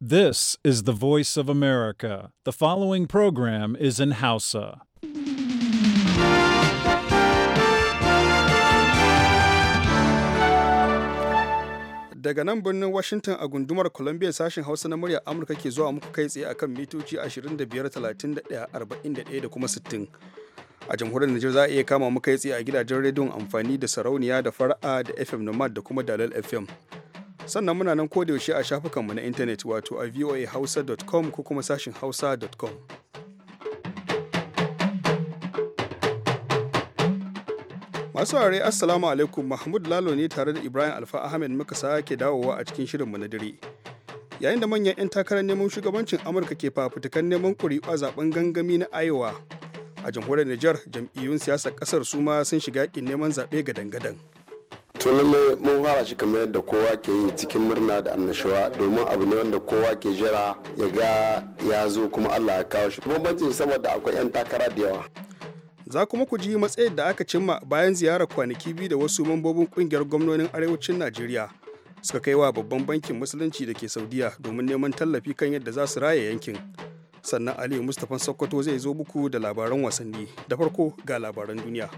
This is the voice of America. The following program is in Hausa. Daga nan birnin Washington a gundumar Columbia sashen Hausa na murya Amurka ke zuwa muku kai tsaye akan mitoci 25, 31, 41 da kuma 60. a jamhuriyar Nijar za a iya kama mu kai tsaye a gidajen rediyon amfani da sarauniya da fara'a da FM Nomad da kuma Dalal FM. sannan muna nan ko da yaushe a shafukanmu na intanet wato a voahausa.com ko kuma sashin hausa.com masu ware assalamu alaikum mahmud lalo ne tare da ibrahim alfa ahmed muka ke dawowa a cikin shirin mu na dare yayin da manyan 'yan takarar neman shugabancin amurka ke fafutukan neman kuri'u a zaben gangami na iowa a jamhuriyar niger jam'iyyun siyasar kasar su ma sun shiga yakin neman zaɓe gadan-gadan tunanin mun fara shi kamar yadda kowa ke yi cikin murna da annashuwa domin abu ne wanda kowa ke jira ya ga ya zo kuma allah ya kawo shi bambancin saboda akwai 'yan takara da yawa za kuma ku ji matsayin da aka cimma bayan ziyarar kwanaki biyu da wasu mambobin kungiyar gwamnonin arewacin najeriya suka kai wa babban bankin musulunci da ke saudiya domin neman tallafi kan yadda za su raya yankin sannan aliyu mustapha sokoto zai zo muku da labaran wasanni da farko ga labaran duniya.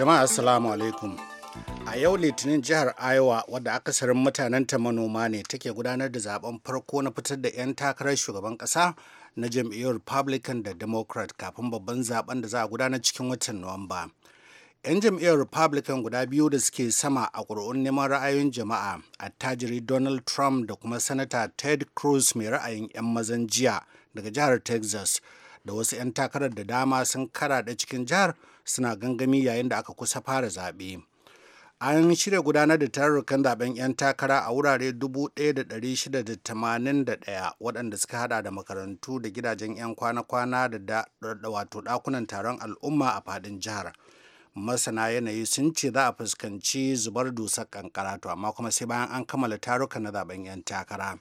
jama'a assalamu alaikum a yau litinin jihar iowa wadda akasarin mutanen ta manoma ne take gudanar da zaben farko na fitar da 'yan takarar shugaban kasa na jam'iyyar republican da democrat kafin babban zaben da za a gudanar cikin watan nuwamba 'yan jam'iyyar republican guda biyu da suke sama a ƙuri'un neman ra'ayoyin jama'a attajiri donald trump da kuma sanata ted cruz mai ra'ayin 'yan mazan jiya daga jihar texas da wasu 'yan takarar da dama sun karaɗa cikin jihar suna gangami yayin da aka kusa fara zaɓe. an shirya gudanar da tarurrukan zaben 'yan takara a wurare 1,681 waɗanda suka hada da makarantu da gidajen 'yan kwana-kwana da wato ɗakunan taron al'umma a faɗin jihar masana yanayi sun ce za a fuskanci zubar dusar kankara to amma kuma sai bayan an kammala tarurrukan na zaben 'yan takara.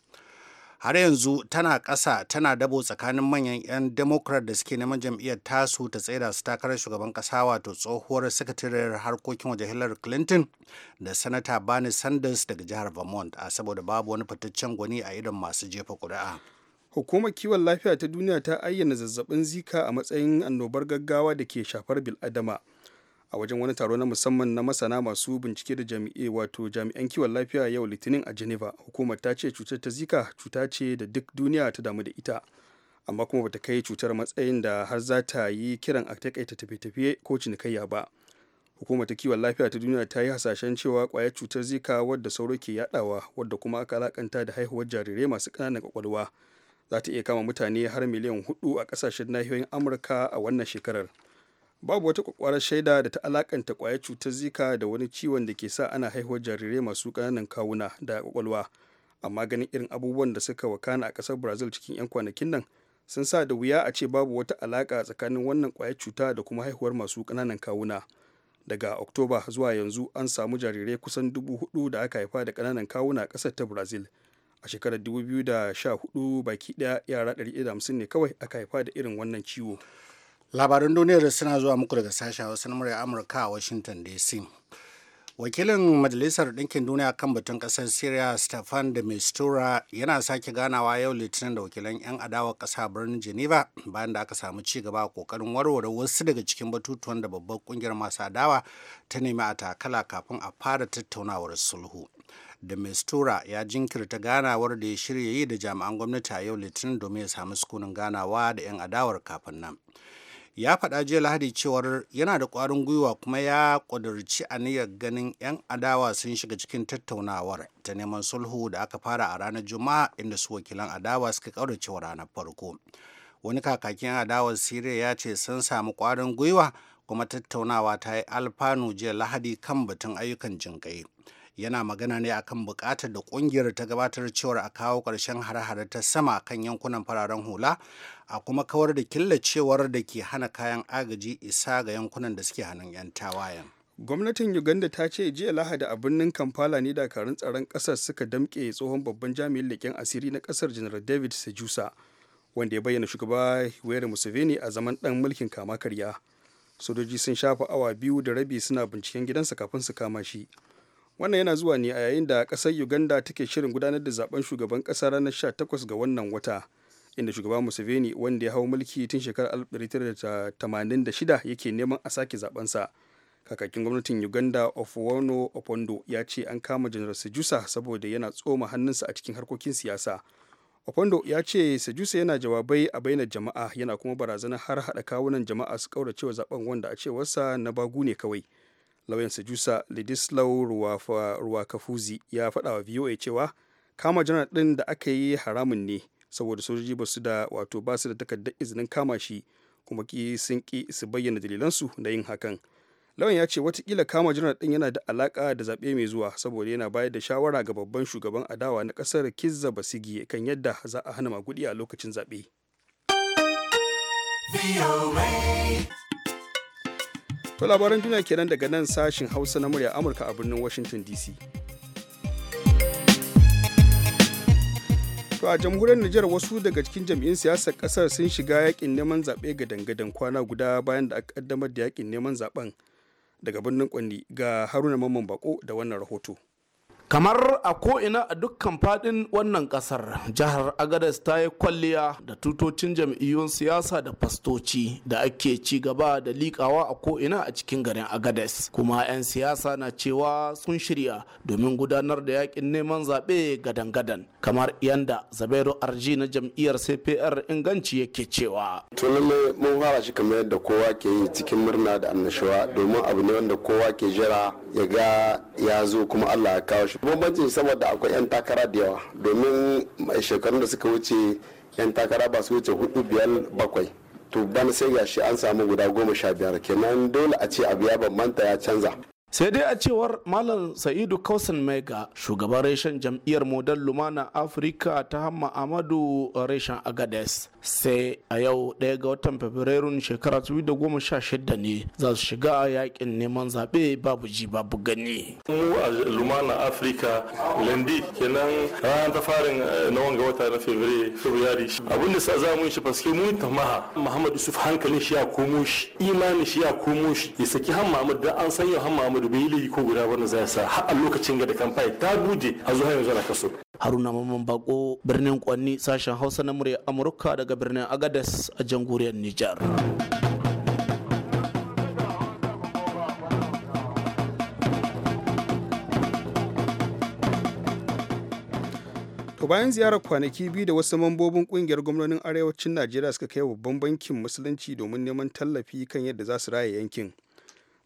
har yanzu tana ƙasa tana dabo tsakanin manyan 'yan democrat da suke neman jam'iyyar tasu ta tsaida su takarar shugaban ƙasa wato tsohuwar sakatariyar harkokin waje hillary clinton da sanata bernie sanders daga jihar vermont a saboda babu wani fitaccen gwani a idon masu jefa ƙuri'a hukumar kiwon lafiya ta duniya ta ayyana zazzabin zika a matsayin annobar gaggawa da ke shafar bil'adama a wajen wani taro na musamman na masana masu bincike da jami'ai wato jami'an kiwon lafiya yau litinin a geneva hukumar ta ce cutar ta zika cuta ce da duk duniya ta damu da ita amma kuma bata kai cutar matsayin da har za ta yi kiran a takaita tafiye-tafiye ko cinikayya ba hukumar ta kiwon lafiya ta duniya ta yi hasashen cewa kwayar cutar zika wadda sauro ke yadawa wadda kuma aka alakanta da haihuwar jarirai masu ƙananan kwakwalwa za ta iya kama mutane har miliyan hudu a ƙasashen nahiyoyin amurka a wannan shekarar babu wata kwakwarar shaida da ta alakanta kwaya cutar zika da wani ciwon da ke sa ana haihuwar jarirai masu ƙananan kawuna da kwakwalwa amma ganin irin abubuwan da suka wakana a kasar brazil cikin 'yan kwanakin nan sun sa da wuya a ce babu wata alaka tsakanin wannan kwaya cuta da kuma haihuwar masu kananan kawuna daga oktoba zuwa yanzu an samu jarirai kusan dubu hudu da aka haifa da kananan kawuna a ƙasar ta brazil a shekarar 2014 baki ɗaya yara 150 ne kawai aka haifa da irin wannan ciwo labaran duniyar suna zuwa muku daga sashen hausa na murya amurka a washington dc wakilin majalisar ɗinkin duniya kan batun ƙasar syria stefan de mistura yana sake ganawa yau litinin da wakilan 'yan adawa ƙasa birnin geneva bayan da aka samu ci gaba a kokarin warware wasu daga cikin batutuwan da babbar ƙungiyar masu adawa ta nemi a takala kafin a fara tattaunawar sulhu da mistura ya jinkirta ganawar da ya shirya yi da jami'an gwamnati a yau litinin domin ya samu sukunin ganawa da 'yan adawar kafin nan ya faɗa jiya lahadi cewar yana da ƙwarin gwiwa kuma ya ƙudurci aniyar ganin 'yan adawa sun shiga cikin tattaunawar ta neman sulhu da aka fara a ranar juma'a inda su wakilan adawa suka ƙaurace wa ranar farko wani kakakin adawar siriya ya ce sun samu ƙwarin gwiwa kuma tattaunawa ta yi alfanu jiya lahadi kan batun ayyukan jinƙai yana magana ne akan buƙatar da ƙungiyar ta gabatar cewar a kawo ƙarshen hare-hare ta sama kan yankunan fararen hula a kuma kawar da killacewar da ke hana kayan agaji isa ga yankunan da suke hannun 'yan tawayen. gwamnatin uganda ta ce jiya lahadi a birnin kampala ne dakarun tsaron kasar suka damƙe tsohon babban jami'in leƙen asiri na kasar General david sejusa wanda ya bayyana shugaba yoweri museveni a zaman dan mulkin kama karya sojoji sun shafa awa biyu da rabi suna binciken gidansa kafin su kama shi wannan yana zuwa ne a yayin da ƙasar uganda take shirin gudanar da zaben shugaban kasa ranar 18 ga wannan wata inda shugaba museveni wanda ya hau mulki tun shekarar 1986 yake neman a sake zabensa kakakin gwamnatin uganda ofuono opondo ya ce an kama janar sejusa saboda yana tsoma hannunsa a cikin harkokin siyasa opondo ya ce sejusa yana jawabai a bainar jama'a yana kuma barazanar har haɗa kawunan jama'a su kauracewa zaben wanda a cewarsa na bagu ne kawai lauyan sejusa ladislau ruwakafuzi ya faɗa wa voa cewa kama janar ɗin da aka yi haramun ne saboda sojoji ba su da wato ba su da takardar izinin kama shi kuma ki sun ki su bayyana dalilansu na yin hakan lawan ya ce watakila kama janar din yana da alaka da zaɓe mai zuwa saboda yana bayar da shawara ga babban shugaban adawa na ƙasar kizza basigi kan yadda za a hana magudi a lokacin zaɓe To labaran duniya kenan daga nan sashin Hausa na murya Amurka a birnin Washington DC. To a jamhuriyar Nijar wasu daga cikin jam'in siyasar kasar sun shiga yakin neman zaɓe ga dangadan kwana guda bayan da aka kaddamar da yakin neman zaɓen daga birnin Kwanni ga Haruna Mamman Bako da wannan rahoto. kamar a ko'ina a dukkan fadin wannan kasar jihar agadez ta yi kwalliya da tutocin jam'iyyun siyasa da fastoci da ake ci gaba da likawa a ko'ina a cikin garin agadez kuma 'yan siyasa na cewa sun shirya domin gudanar da yakin neman zaɓe gadan-gadan kamar yanda zabairu arji na jam'iyyar cpr inganci yake cewa tunan mun fara shi kamar yadda kowa ke yi cikin murna da annashuwa domin abu ne wanda kowa ke jira ya ga ya zo kuma allah ya kawo shi bambanci saboda akwai 'yan takara da yawa domin shekarun da suka wuce 'yan takara ba su wuce hudu biyar bakwai to bana sai gashi an samu guda goma sha biyar kenan dole a ce abu ya bambanta ya canza sai dai a cewar malam sa'idu kausan mega shugaban reshen jam'iyyar model lumana afirka ta hamma amadu reshen agades sai a yau ɗaya ga watan fabrairun shekara 2016 ne za su shiga yakin neman zaɓe babu ji babu gani. mu a lumana afirka lendi kenan ranar ta farin eh, na wanga wata na fabrairu abin da za mu yi shi faske mun tamaha muhammad yusuf hankalin shi ya komo shi imanin shi ya komo shi ya saki han mahmud da an san yau han bai yi ko guda wanda zai sa har a lokacin ga da kamfai ta buje a zuwa yanzu na kaso. haruna mamman bako birnin kwanni sashen hausa na murya amurka daga birnin agadas a jamhuriyar nijar To bayan ziyarar kwanaki biyu da wasu mambobin kungiyar gwamnonin arewacin Najeriya suka kai babban bankin musulunci domin neman tallafi kan yadda za su raya yankin.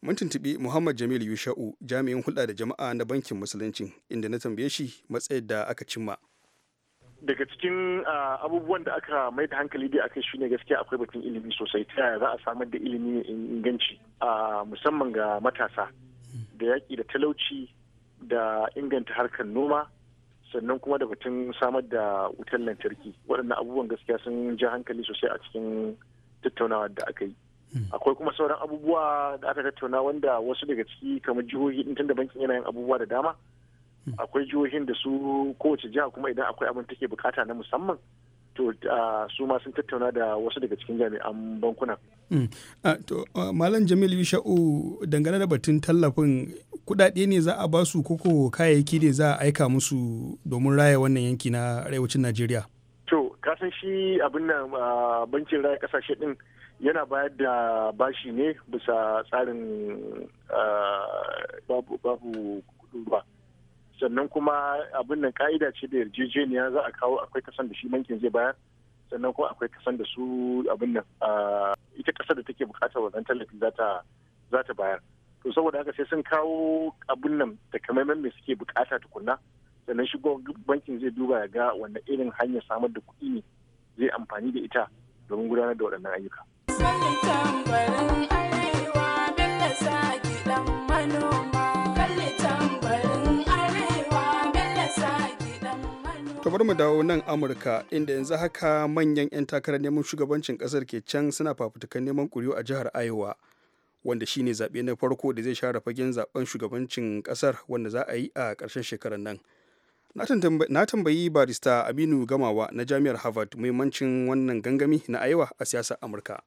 mun tuntuɓi muhammad jamil yusha'u jami'in hulɗa da jama'a na bankin musulunci inda na tambaye shi matsayar da aka cimma daga cikin abubuwan da aka mai da hankali da aka shi ne gaskiya akwai batun ilimi sosai ta yaya za a samar da ilimi inganci musamman ga matasa da yaƙi da talauci da inganta harkar noma sannan kuma da batun samar da wutar lantarki waɗannan abubuwan gaskiya sun ja hankali sosai a cikin tattaunawa da aka yi akwai kuma sauran abubuwa da aka tattauna wanda wasu daga ciki kamar jihohi din tunda bankin yana yin abubuwa da dama akwai jihohin da su kowace jiha kuma idan akwai abin take bukata na musamman to su ma sun tattauna da wasu daga cikin jami'an bankunan. Mm. Malam jamilu Yusha'u dangane da batun tallafin kudade ne za a basu koko kayayyaki ne za a aika musu domin raya wannan yanki na arewacin Najeriya. To, kasan shi abin nan bankin raya kasashe din yana bayar da bashi ne bisa tsarin ah, babu kudu ba sannan kuma abin nan ka'ida ce da yarjejeniya za a kawo akwai kasan da shi bankin zai bayar sannan kuma akwai kasan da su abin nan ah, ita kasar da take bukatar wannan tallafin za ta bayar to saboda haka sai sun kawo abin nan da kamaiman me suke bukata tukunna sannan shi bankin zai duba ya ga wannan irin hanyar samar da kuɗi ne zai amfani da ita domin gudanar da waɗannan ayyuka. bari mu dawo nan amurka inda yanzu haka manyan 'yan takarar neman shugabancin kasar ke can suna fafutukan neman kuri'u a jihar iowa wanda shine zaɓe na farko da zai share fagen zaben shugabancin kasar wanda za a yi a ƙarshen shekarar nan na tambayi barista aminu gamawa na jami'ar harvard muhimmancin wannan gangami na iowa a siyasar amurka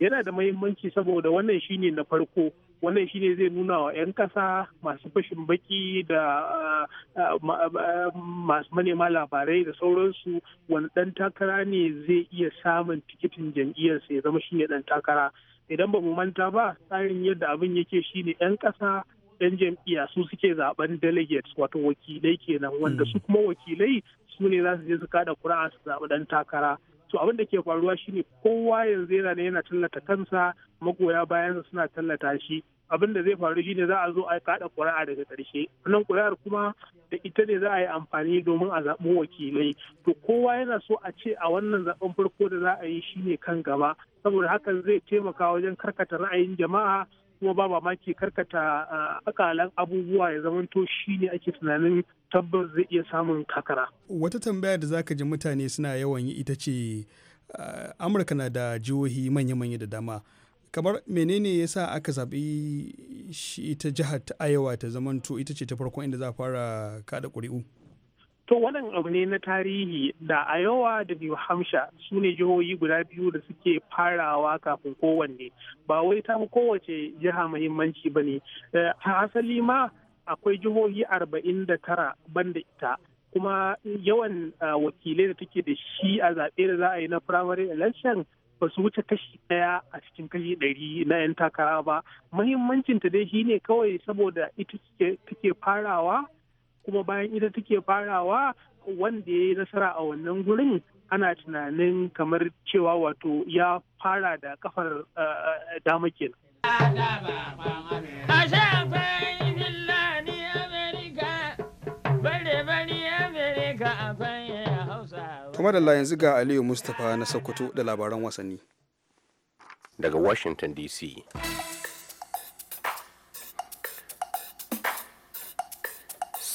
yana da mahimmanci saboda wannan shine na farko wannan shine zai nuna wa 'yan kasa masu fashin baki da ah, ah, ah, masu manema labarai da sauransu wani dan takara ne zai iya samun tikitin jam'iyyarsa ya zama shine dan takara idan ba mu manta ba tsarin yadda abin yake shine 'yan kasa dan jam'iyya su suke zaben delegates wato wakilai kenan wanda su hmm. kuma wakilai su ne za su je su kada kura su zaɓi dan takara so abin da ke faruwa shine kowa yanzu yana yana tallata kansa magoya bayansa suna tallata shi abin da zai faru shine za a zo a kada ƙuri'a daga ƙarshe wannan ƙuri'ar kuma da ita ne za a yi amfani domin a zaɓi wakilai to kowa yana so a ce a wannan zaɓen farko da za a yi shine kan gaba saboda hakan zai taimaka wajen karkata ra'ayin jama'a kuma ba ke karkata akalan abubuwa ya zamanto shi ne ake tunanin tabbas zai iya samun kakara. Wata tambaya da zaka ji mutane suna yawan yi ita ce Amurka na da jihohi manya-manya da dama. Kamar menene ya sa aka zaɓi shi ita jihar ta Ayawa ta zamanto ita ce ta farkon inda za a fara kaɗa ƙuri'u? To wannan abu ne na tarihi da Iowa da New Hampshire su ne jihohi guda biyu da suke farawa kafin kowanne. Ba wai ta kowace jiha muhimmanci ba ne. Eh, asali ma akwai jihohi arba'in da tara banda ita. Kuma yawan eh, wakilai da take da shi a zaɓe da za a yi na primary election ba su wuce kashi ɗaya a cikin kashi ɗari na 'yan takara ba. Muhimmancinta dai shi ne kawai saboda ita take farawa kuma bayan ita take farawa wanda ya yi nasara a wannan gurin ana tunanin kamar cewa wato ya fara da kafar eh, eh, dama kenan. kuma da yanzu ga aliyu mustapha na sokoto da labaran wasanni daga washington dc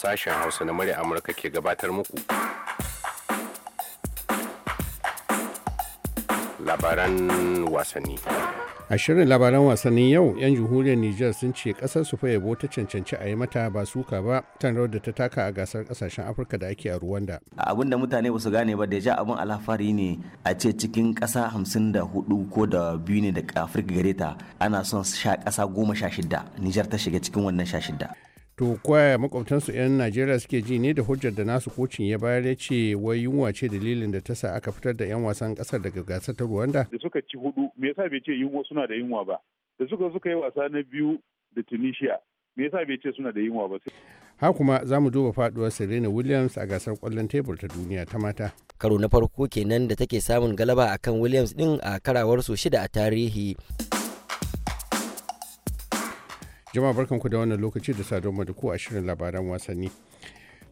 sashen hausa na murya amurka ke gabatar muku labaran wasanni a shirin labaran wasannin yau 'yan jihuriyar niger sun ce kasar su yabo ta cancanci a yi mata ba suka ba tan rawar da ta taka a gasar kasashen afirka da ake a ruwanda abin da mutane ba su gane ba da ja abin alfahari ne a ce cikin kasa 54 ko da biyu ne da afirka gareta ana son sha kasa goma sha shida niger ta shiga cikin wannan sha shida to kwaya makwabtansu 'yan najeriya suke ji ne da hujjar da nasu kocin ya bayar ya ce wai yunwa ce dalilin da ta sa aka fitar da 'yan wasan kasar daga gasar ta rwanda da suka ci hudu me yasa bai ce yunwa suna da yunwa ba da suka suka yi wasa na biyu da tunisia me yasa bai ce suna da yunwa ba ha kuma za mu duba faduwar serena williams a gasar kwallon tebur ta duniya ta mata karo na farko kenan da take samun galaba akan williams din a karawar su shida a tarihi jama'a barkanku da wannan lokaci da sadon da ku a shirin labaran wasanni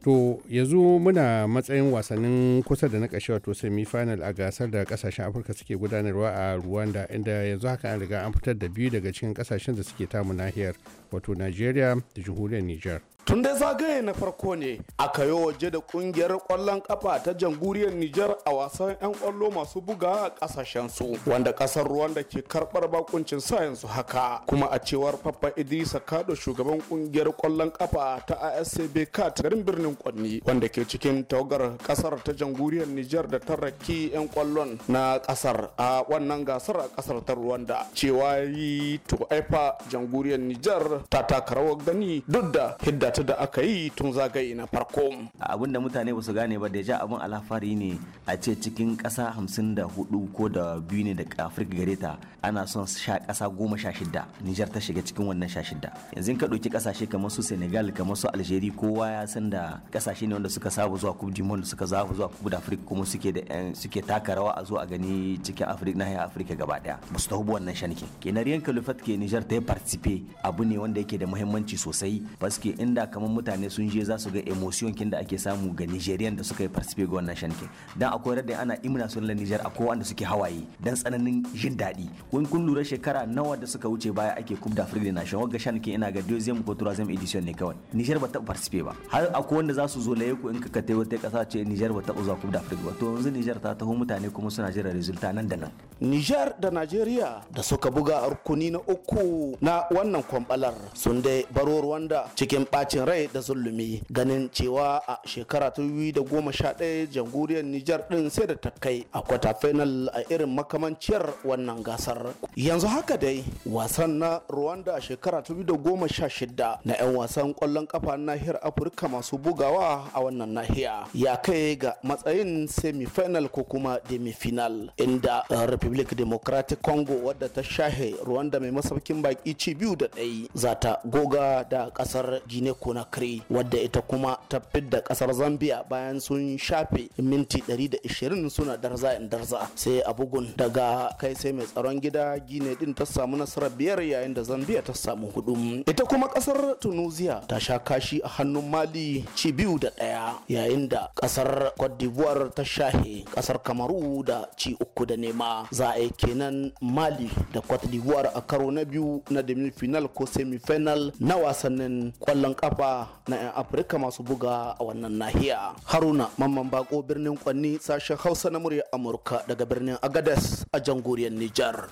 to yanzu muna matsayin wasannin kusa da na ƙashe wato semi final a gasar da kasashen afirka suke gudanarwa a rwanda inda yanzu haka an riga an fitar da biyu daga cikin kasashen da suke tamu nahiyar wato nigeria da jamhuriyar niger tun dai zagaye na farko ne aka yi waje da kungiyar kwallon kafa ta jamhuriyar Nijar a wasan 'yan kwallo masu buga a kasashen su wanda kasar Rwanda ke karbar bakuncin sa yanzu haka kuma a cewar Papa Idrisa Kado shugaban kungiyar kwallon kafa ta ASCB Kat garin birnin Kwanni wanda ke cikin tawagar kasar ta jamhuriyar Nijar da ta raki 'yan kwallon na kasar a wannan gasar a kasar ta Rwanda cewa yi to aifa jamhuriyar Nijar ta taka rawar gani duk da hidda ta da aka yi tun zagaye na farko abin da mutane ba su gane ba da ja abin alfahari ne a ce cikin ƙasa hamsin da hudu ko da biyu ne da afirka gare ta ana son sha ƙasa goma sha shida nijar ta shiga cikin wannan sha shida yanzu ka ɗauki ƙasashe kamar su senegal kamar su algeria kowa ya san da ƙasashe ne wanda suka saba zuwa kubu dimon suka zaba zuwa kubu da afirka kuma suke da eh, taka rawa a zo a gani cikin afirka nahiyar afirka gaba daya ba su tahubu wannan shanke kenan riyan kalifat ke nijar ta yi participe abu ne wanda yake da muhimmanci sosai baske inda kamar mutane sun je za su ga emotion kin da ake samu ga Nigerian da suka yi participate ga wannan shankin dan akwai rada ana imna sun la Niger akwai wanda suke hawaye dan tsananin jin daɗi wani kun lura shekara nawa da suka wuce baya ake Cup da da Nation wagga shankin ina ga deuxième ko troisième edition ne kawai Niger ba ta participate ba har akwai wanda za su zo laye ku in ka kai wata kasa ce Niger ba ta zuwa Cup d'Afrique ba to yanzu Niger ta taho mutane kuma suna jira resulta nan da nan Niger da Nigeria da suka buga rukuni na uku na wannan kwambalar sun dai baro Rwanda cikin ɓacin bacin rai da zulumi ganin cewa a shekara ta da goma sha ɗaya jamhuriyar Nijar ɗin sai da ta kai a kwata final a irin makamanciyar wannan gasar. Yanzu haka dai wasan na Rwanda a shekara ta da goma sha shida na 'yan wasan ƙwallon kafa nahiyar Afirka masu bugawa a wannan nahiya ya kai ga matsayin semi-final ko kuma demi-final inda Republic Democratic Congo wadda ta shahe Rwanda mai masaukin baki ci biyu da ɗaya za ta goga da ƙasar Guinea Conakry wadda ita kuma ta fidda kasar Zambia bayan sun shafe minti 120 suna darza in darza sai a bugun daga kai sai mai tsaron gida Gine din ta samu nasarar biyar yayin da Zambia ta samu hudu ita kuma kasar Tunisia ta sha kashi a hannun Mali ci biyu da ɗaya yayin da kasar Cote d'Ivoire ta shahe kasar Kamaru da ci uku da nema za a yi kenan Mali da Cote d'Ivoire a karo na biyu na demi final ko semi final na wasannin kwallon kafa kafa na 'yan afirka masu buga a wannan nahiya haruna mamman bako birnin kwanni sashen hausa na murya amurka daga birnin agadas a jangoriyar nijar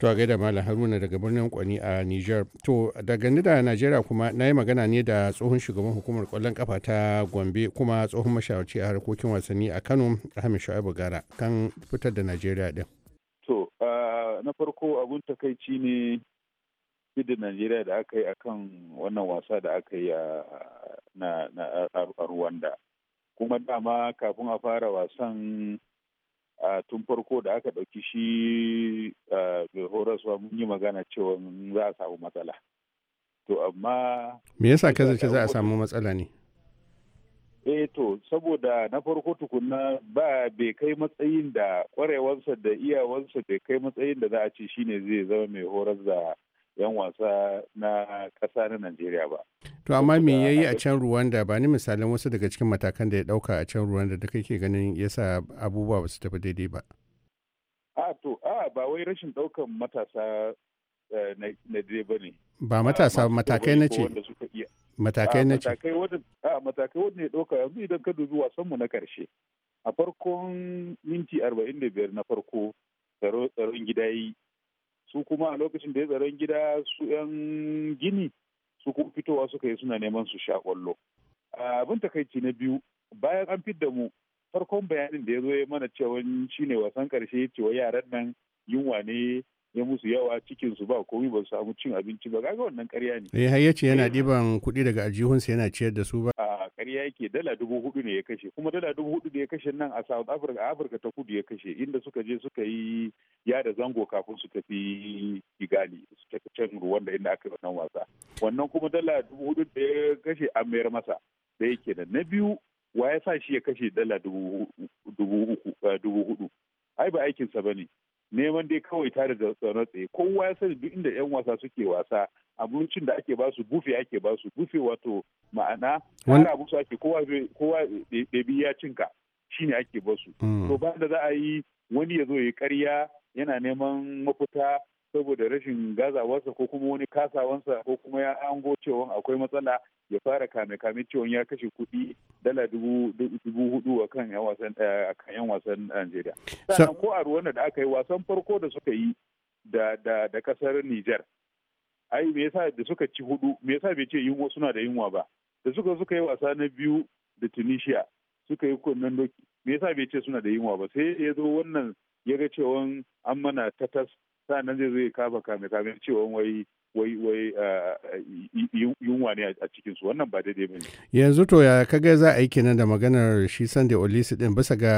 to da malam haruna daga birnin kwani a niger to daga da najeriya kuma na yi magana ne da tsohon shugaban hukumar kwallon kafa ta gombe kuma tsohon mashawarci a harkokin wasanni a kano ahmed shu'aibu gara kan fitar da najeriya din to ah, na farko abun takaici ne da Najeriya da aka yi a kan wannan wasa da aka yi a Rwanda. Kuma dama kafin a fara wasan tun farko da aka ɗauki shi mai horaswa mun yi magana cewa za a samu matsala. To amma... Me yasa ka zace za a samu matsala ne? eh to saboda na farko tukunna ba bai kai matsayin da kwarewansa da iyawansa bai kai matsayin da za a ce shine zai zama mai horar da 'yan wasa na ƙasa na Najeriya ba. To amma me ya yi a can Rwanda ba ni misalin wasu daga cikin matakan da ya ɗauka a can Rwanda da kake ganin ya sa abubuwa ba su tafi daidai ba. A to a ba wai rashin ɗaukan matasa eh, na dire ba ne. Ba matasa matakai na ce. Matakai na ce. Matakai wadda ya ɗauka yanzu idan ka dubi wasanmu na karshe. A farkon minti arba'in da biyar na farko tsaron gida yi su kuma a lokacin da ya tsaron gida su 'yan gini su kuma fitowa suka yi suna neman su sha kwallo abin takaici na biyu bayan an fidda mu farkon bayanin da ya zo ya mana cewa shine wasan karshe cewa yaran nan yunwa ne ya musu yawa cikin su ba komai ba samu cin abinci ba kaga wannan ƙarya ne eh har yace yana diban eh. kuɗi daga aljihunsa yana ciyar da su ba a ƙarya yake dala dubu hudu ne ya kashe kuma dala dubu hudu da ya kashe nan a South Africa a africa ta kudu ya kashe inda suka je suka yi yada zango kafin su tafi Kigali su tafi can Rwanda inda aka yi wannan wasa wannan kuma dala dubu hudu da ya kashe an mayar masa da yake da na biyu wa ya sa shi ya kashe dala dubu eh, hudu ai ba aikinsa ba ne neman dai kawai tare da tsaro tsaye kowa ya sani duk inda yan wasa suke wasa abincin da ake basu bufe ake basu bufe wato ma'ana wani abu ake kowa kowa ɗabi ya cinka shine ake basu mm. to ba da za a yi wani ya zo ya karya yana neman mafita saboda rashin gazawarsa ko kuma wani kasawansa ko kuma ya ango cewa akwai matsala ya fara kame-kame cewa ya kashe kuɗi dala dubu hudu a kan yan eh, wasan Najeriya. Sannan ko a ruwan da aka yi wasan farko da suka yi da kasar niger Ai me yasa da suka ci hudu me yasa bai ce yunwa suna da yunwa ba da suka suka yi wasa na biyu da Tunisia suka yi kunnen doki me yasa bai ce suna da yunwa ba sai ya zo wannan ya ga cewa an mana tatas sa'annan zai zo ya kama kame kame cewa wai wai wai yunwa ne a cikinsu wannan ba daidai ba yanzu to ya kaga za a yi kenan da maganar shi sunday olisi din bisa ga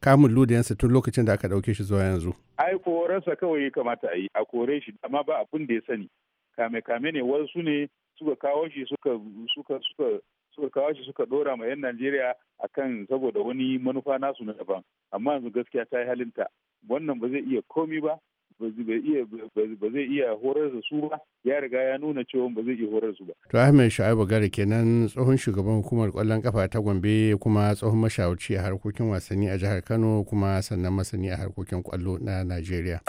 kamun ludiyansa tun lokacin da aka dauke shi zuwa yanzu ai sa kawai ya kamata a yi a kore shi amma ba abun da ya sani kame kame ne wasu ne suka kawo shi suka suka suka suka kawo shi suka dora ma 'yan Najeriya akan saboda wani manufa nasu na daban amma yanzu gaskiya ta yi halinta wannan ba zai iya komi ba ba zai iya horar da su ba ya riga ya nuna cewa ba zai iya horar su ba. To Ahmed Shu'aibu Gari kenan tsohon shugaban hukumar kwallon kafa ta Gombe kuma tsohon mashawarci a harkokin wasanni a jihar Kano kuma sannan masani a harkokin kwallo na Najeriya.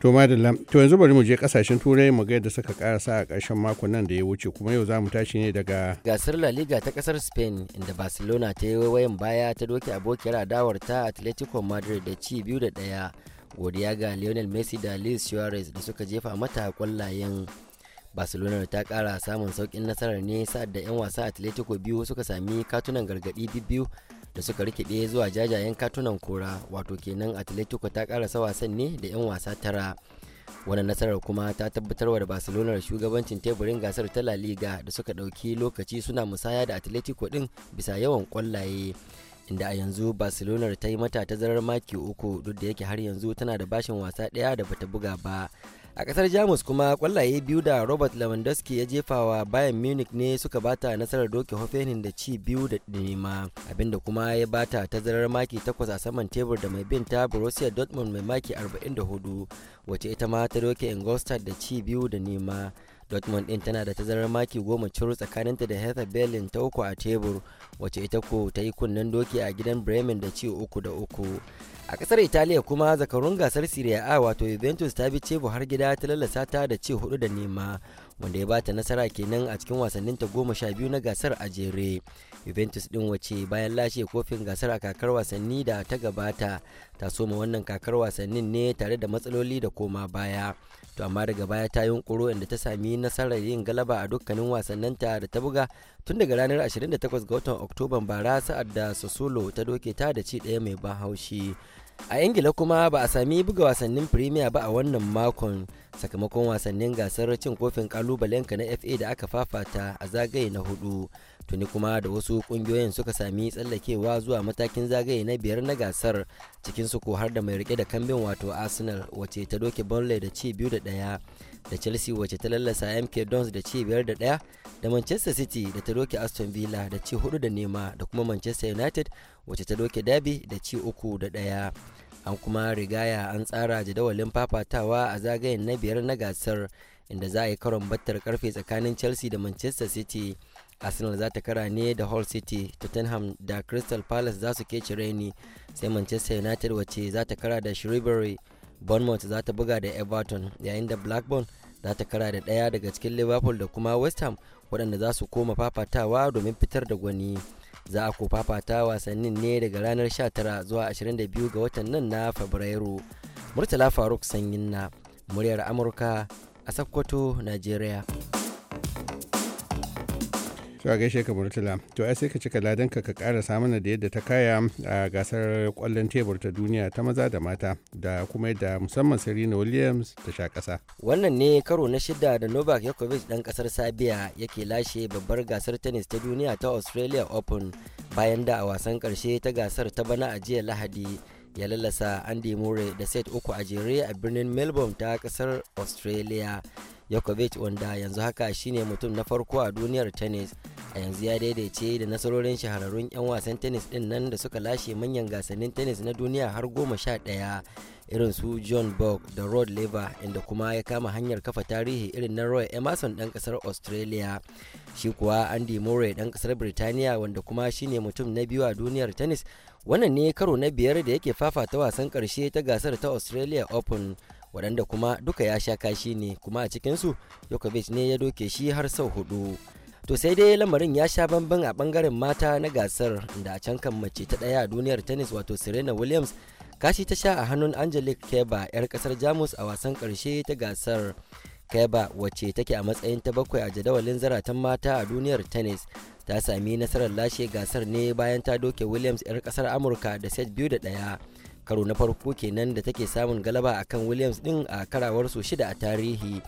To madalla, to yanzu bari mu je kasashen turai mu ga yadda suka karasa a ƙarshen makon nan da ya wuce kuma yau za mu tashi ne daga gasar La Liga ta ƙasar Spain inda Barcelona ta yi wayan baya ta doke abokiyar adawar ta Atletico Madrid da ci biyu da ɗaya. Godiya ga Lionel Messi da Luis Suarez da suka jefa mata kwallayen Barcelona ta kara samun saukin nasarar ne sa'ad da 'yan wasa Atletico biyu suka sami katunan gargadi biyu da suka rikide zuwa jajayen katunan kora wato kenan atletico ta karasa wasan ne da 'yan wasa tara wannan nasarar kuma ta tabbatarwa da barcelona shugabancin teburin gasar ta la liga da suka ɗauki lokaci suna musaya da atletico din bisa yawan kwallaye inda a yanzu barcelona ta yi mata tazarar maki uku duk da yake har yanzu tana da bashin wasa ɗaya da bata buga ba a kasar jamus kuma kwallaye biyu da robert lewandowski ya jefa wa bayan munich ne suka bata nasarar doke hoffenheim da ci biyu da nema abinda kuma ya bata tazarar maki takwas a saman tebur da mai bin ta borussia dortmund mai maki 44 wace ita ma ta doke ingolstadt da ci biyu da nema dortmund din tana da tazarar maki goma ciro tsakaninta da hertha berlin ta uku a tebur wacce ita ko ta yi kunnen doki a gidan bremen da ci uku da uku a kasar italiya kuma zakarun gasar serie a wato juventus ta bi cebu har gida ta lalasa ta da ci hudu da nema wanda ya bata nasara kenan a cikin wasannin ta goma sha biyu na gasar a jere juventus din wace bayan lashe kofin gasar a kakar wasanni da ta gabata ta soma wannan kakar wasannin ne tare da matsaloli da koma baya to amma daga baya ta yi yunkuro inda ta sami nasarar yin galaba a dukkanin wasannin ta da ta buga tun daga ranar 28 ga watan oktoban bara sa'ad da sosolo ta doke ta da ci daya mai ban haushi a ingila kuma ba a sami buga wasannin premier ba a wannan makon sakamakon wasannin gasar cin kofin kalubalenka na fa da aka fafata a zagaye na hudu tuni kuma da wasu kungiyoyin suka sami tsallakewa zuwa matakin zagaye na biyar na gasar cikin su ko har da mai rike da kambin wato arsenal wace ta doke burnley da ci biyu da daya da chelsea wace ta lallasa mk dons da ci biyar da daya da manchester city da ta doke aston villa da ci hudu da nema da kuma manchester united wace ta doke derby da ci uku da daya an kuma rigaya an tsara jadawalin fafatawa a zagayen na biyar na gasar inda za a yi karon battar karfe tsakanin chelsea da manchester city arsenal za ta kara ne da hull city tottenham da crystal palace za su kece raini sai manchester united wace za ta kara da shrewsbury bournemouth za ta buga da everton yayin da blackburn za ta kara da ɗaya daga cikin liverpool da kuma west ham waɗanda za su koma fafatawa domin fitar da gwani za a ko fafata wasannin ne daga ranar 19 zuwa 22 ga watan nan na fabrairu murtala faruk sanyin na muryar amurka a sokoto nigeria to a gaishe ka murtala to ai sai ka cika ladan ka ka kara samuna da yadda ta kaya a gasar kwallon tebur ta duniya ta maza da mata da kuma yadda musamman Serena Williams ta sha ƙasa wannan ne karo na shida da Novak Djokovic dan kasar sabia yake lashe babbar gasar tennis ta duniya ta Australia Open bayan da a wasan karshe ta gasar ta bana a jiya Lahadi ya lalasa andy murray da set uku a jere a birnin melbourne ta kasar australia Yokovic wanda yanzu haka shine mutum na farko a duniyar tennis a yanzu ya daidaice da nasarorin shahararrun 'yan wasan tennis din nan da suka lashe manyan gasannin tennis na duniya har goma sha ɗaya irin su john bog da rod lever inda kuma ya kama hanyar kafa tarihi irin na roy emerson dan kasar australia shi kuwa andy murray dan kasar birtaniya wanda kuma shine mutum na biyu a duniyar tennis wannan ne karo na biyar da yake fafata wasan karshe ta gasar ta australia open waɗanda kuma duka ya sha kashi ne kuma a cikinsu yokovic ne ya doke shi har sau hudu. To sai dai lamarin ya sha bamban a bangaren mata na gasar da can kan mace ta ɗaya a duniyar tennis wato Serena Williams kashi ta sha a hannun Angelique keba 'yar kasar Jamus a wasan karshe ta gasar. keba wacce take a matsayin ta bakwai a jadawalin zaratan mata a duniyar tennis ta sami nasarar lashe gasar ne bayan ta doke Williams 'yar kasar Amurka da set biyu da ɗaya. karo na farko kenan da take samun galaba a kan williams din a karawar su shida a tarihi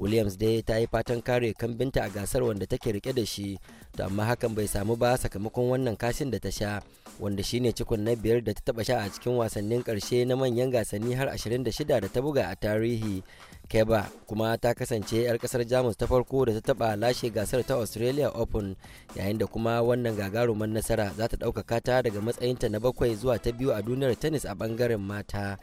williams dai ta yi fatan kare kambinta a gasar wanda take rike da shi to amma hakan bai samu ba sakamakon wannan kashin da ta sha wanda shine cikon na biyar da ta taba sha a cikin wasannin karshe na manyan gasanni har 26 da ta buga a tarihi Keba kuma ta kasance 'yar kasar Jamus ta farko da ta taba lashe gasar ta Australia Open yayin da kuma wannan gagaruman nasara za ta ɗaukaka ta daga matsayinta na bakwai zuwa ta biyu a duniyar tennis a bangaren mata.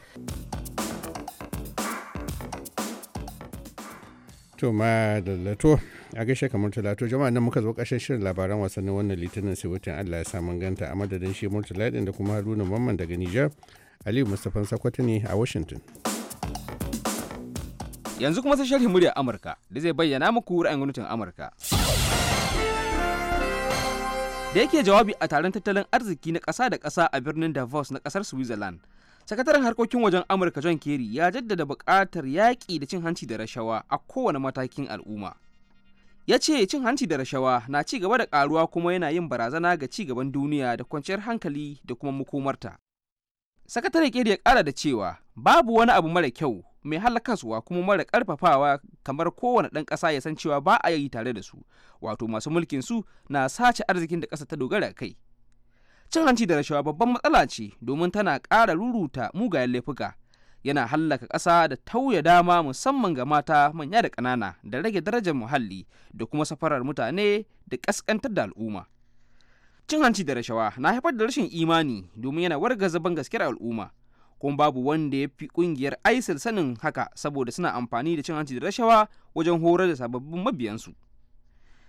To ma da lato a gaishe kamar talato jama'a nan muka zo ƙarshen shirin labaran wasannin wannan litinin sai wutan Allah ya samu ganta a madadin shi murtala da kuma haruna mamman daga Nijar Aliyu Mustapha Sakwata ne a Washington. Yanzu kuma sai sharhin muryar Amurka da zai bayyana muku ra'ayin gwamnatin Amurka. Da yake jawabi a taron tattalin arziki na ƙasa da ƙasa a birnin Davos na ƙasar Switzerland, sakataren harkokin wajen Amurka John Kerry ya jaddada buƙatar yaƙi da cin hanci da rashawa a kowane matakin al'umma. Ya ce cin hanci da rashawa na ci gaba da ƙaruwa kuma yana yin barazana ga ci gaban duniya da kwanciyar hankali da kuma makomarta. sakatare Kerry ya ƙara da cewa babu wani abu mara kyau mai suwa kuma mara karfafawa kamar kowane ɗan ƙasa ya san cewa ba a yi tare da su wato masu mulkin su na sace arzikin da ƙasa ta dogara kai cin hanci da rashawa babban matsala ce domin tana ƙara ruruta mugayen laifuka yana hallaka ƙasa da tauya dama musamman ga mata manya da ƙanana da rage darajar muhalli da kuma safarar mutane da ƙasƙantar da al'umma cin hanci da rashawa na haifar da rashin imani domin yana wargaza ban gaskiyar al'umma kuma babu wanda ya fi kungiyar isil sanin haka saboda suna amfani da cin hanci da rashawa wajen horar da sababbin mabiyansu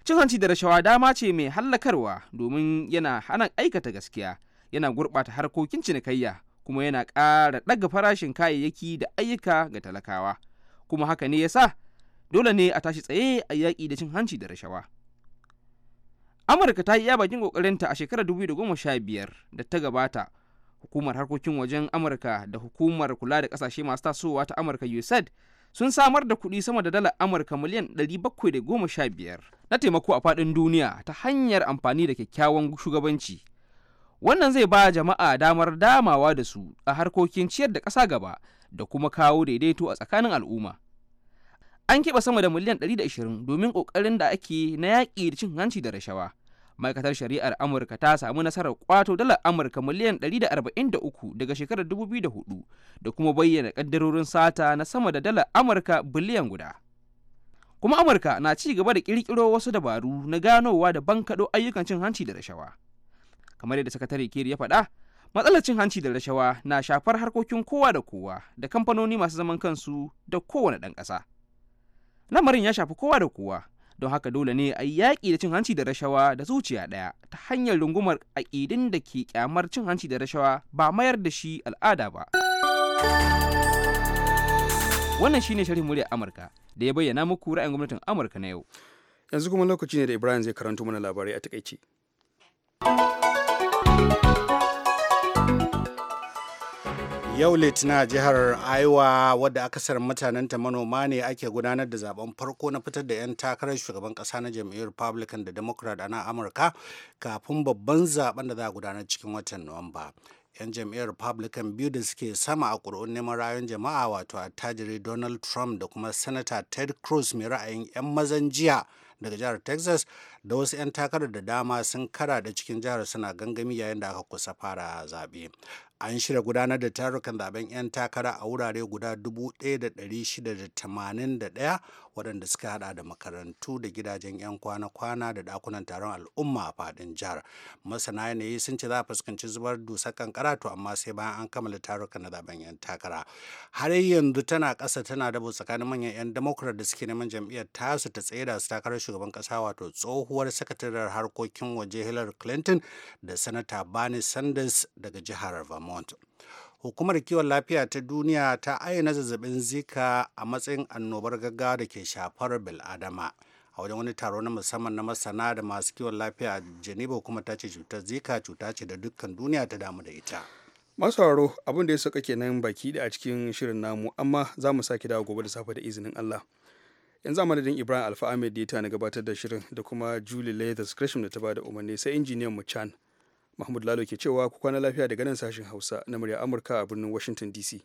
cin hanci da rashawa dama ce mai hallakarwa domin yana hana aikata gaskiya yana gurɓata harkokin cinikayya kuma yana ƙara ɗaga farashin kayayyaki da ayyuka ga talakawa kuma haka ne ya sa dole ne a tashi tsaye a yaƙi da cin hanci da rashawa amurka ta yi iya bakin ƙoƙarinta a shekarar 2015 da ta gabata hukumar harkokin wajen amurka da hukumar kula da kasashe masu tasowa ta amurka usaid sun samar da kuɗi sama da dalar amurka miliyan 715 na taimako a faɗin duniya ta hanyar amfani da kyakkyawan shugabanci wannan zai ba jama'a damar damawa da su a harkokin ciyar da ƙasa gaba da kuma kawo daidaito a tsakanin al'umma an keɓe sama da miliyan 120 domin ƙoƙarin da ake na yaƙi da cin hanci da rashawa ma'aikatar shari'ar amurka ta samu nasarar kwato dalar amurka miliyan 143 daga shekarar 2004 da kuma bayyana kaddarorin sata na sama da dalar amurka biliyan guda kuma amurka na ci gaba da kirkiro wasu dabaru na ganowa da bankaɗo ayyukan cin hanci da rashawa kamar yadda sakatare kiri ya faɗa matsalar cin hanci da rashawa na shafar harkokin kowa da kowa da kamfanoni masu zaman kansu da kowane ɗan ƙasa lamarin ya shafi kowa da kowa don haka dole ne a yi yaƙi da cin hanci da rashawa da zuciya ɗaya ta hanyar rungumar aƙidin da ke ƙyamar cin hanci da rashawa ba mayar da shi al'ada ba wannan shine sharhin murya amurka da ya bayyana muku ra'ayin gwamnatin amurka na yau yanzu kuma lokaci ne da ibrahim zai karanto mana labarai a takaice yau litinin a jihar aiwa wadda mutanen mutanenta manoma ne ake gudanar da zaben farko na fitar da 'yan takarar shugaban kasa na jam'iyyar republican da democrat a nan amurka kafin babban zaben da za a gudanar cikin watan nuwamba 'yan jam'iyyar republican biyu da suke sama a ƙuri'un neman rayuwar jama'a wato attajiri donald trump da kuma senator ted cruz mai ra'ayin 'yan mazan jiya daga jihar texas da wasu 'yan takarar da dama sun kara da cikin jihar suna gangami yayin da aka kusa fara zaɓe an shirya gudanar da tarukan zaben 'yan takara a wurare guda 1,681 waɗanda suka hada da makarantu da gidajen 'yan kwana-kwana da dakunan taron al'umma a faɗin jihar masana yanayi sun ce za a fuskanci zubar dusar kankara to amma sai bayan an kammala tarukan na zaben 'yan takara har yanzu tana ƙasa tana dabo tsakanin manyan 'yan demokrat da suke neman jam'iyyar tasu ta tsaye da su takarar shugaban ƙasa wato tsohuwar sakataren harkokin waje hillary clinton da sanata bernie sanders daga jihar vermont vermont hukumar kiwon lafiya ta duniya ta ayyana zazzabin zika a matsayin annobar gaggawa da ke shafar bil'adama a wajen wani taro na musamman na masana da masu kiwon lafiya geneva kuma ta ce cutar zika cuta ce da dukkan duniya ta damu da ita masauraro abin da ya saka nan baki da a cikin shirin namu amma za mu sake dawo gobe da safe da izinin allah yanzu madadin ibrahim alfa ahmed da ya na gabatar da shirin da kuma julie leathers gresham da ta bada umarni sai injiniyan mu chan mahmud lalo ke cewa ku kwana lafiya daga nan sashen hausa na murya amurka a birnin washington dc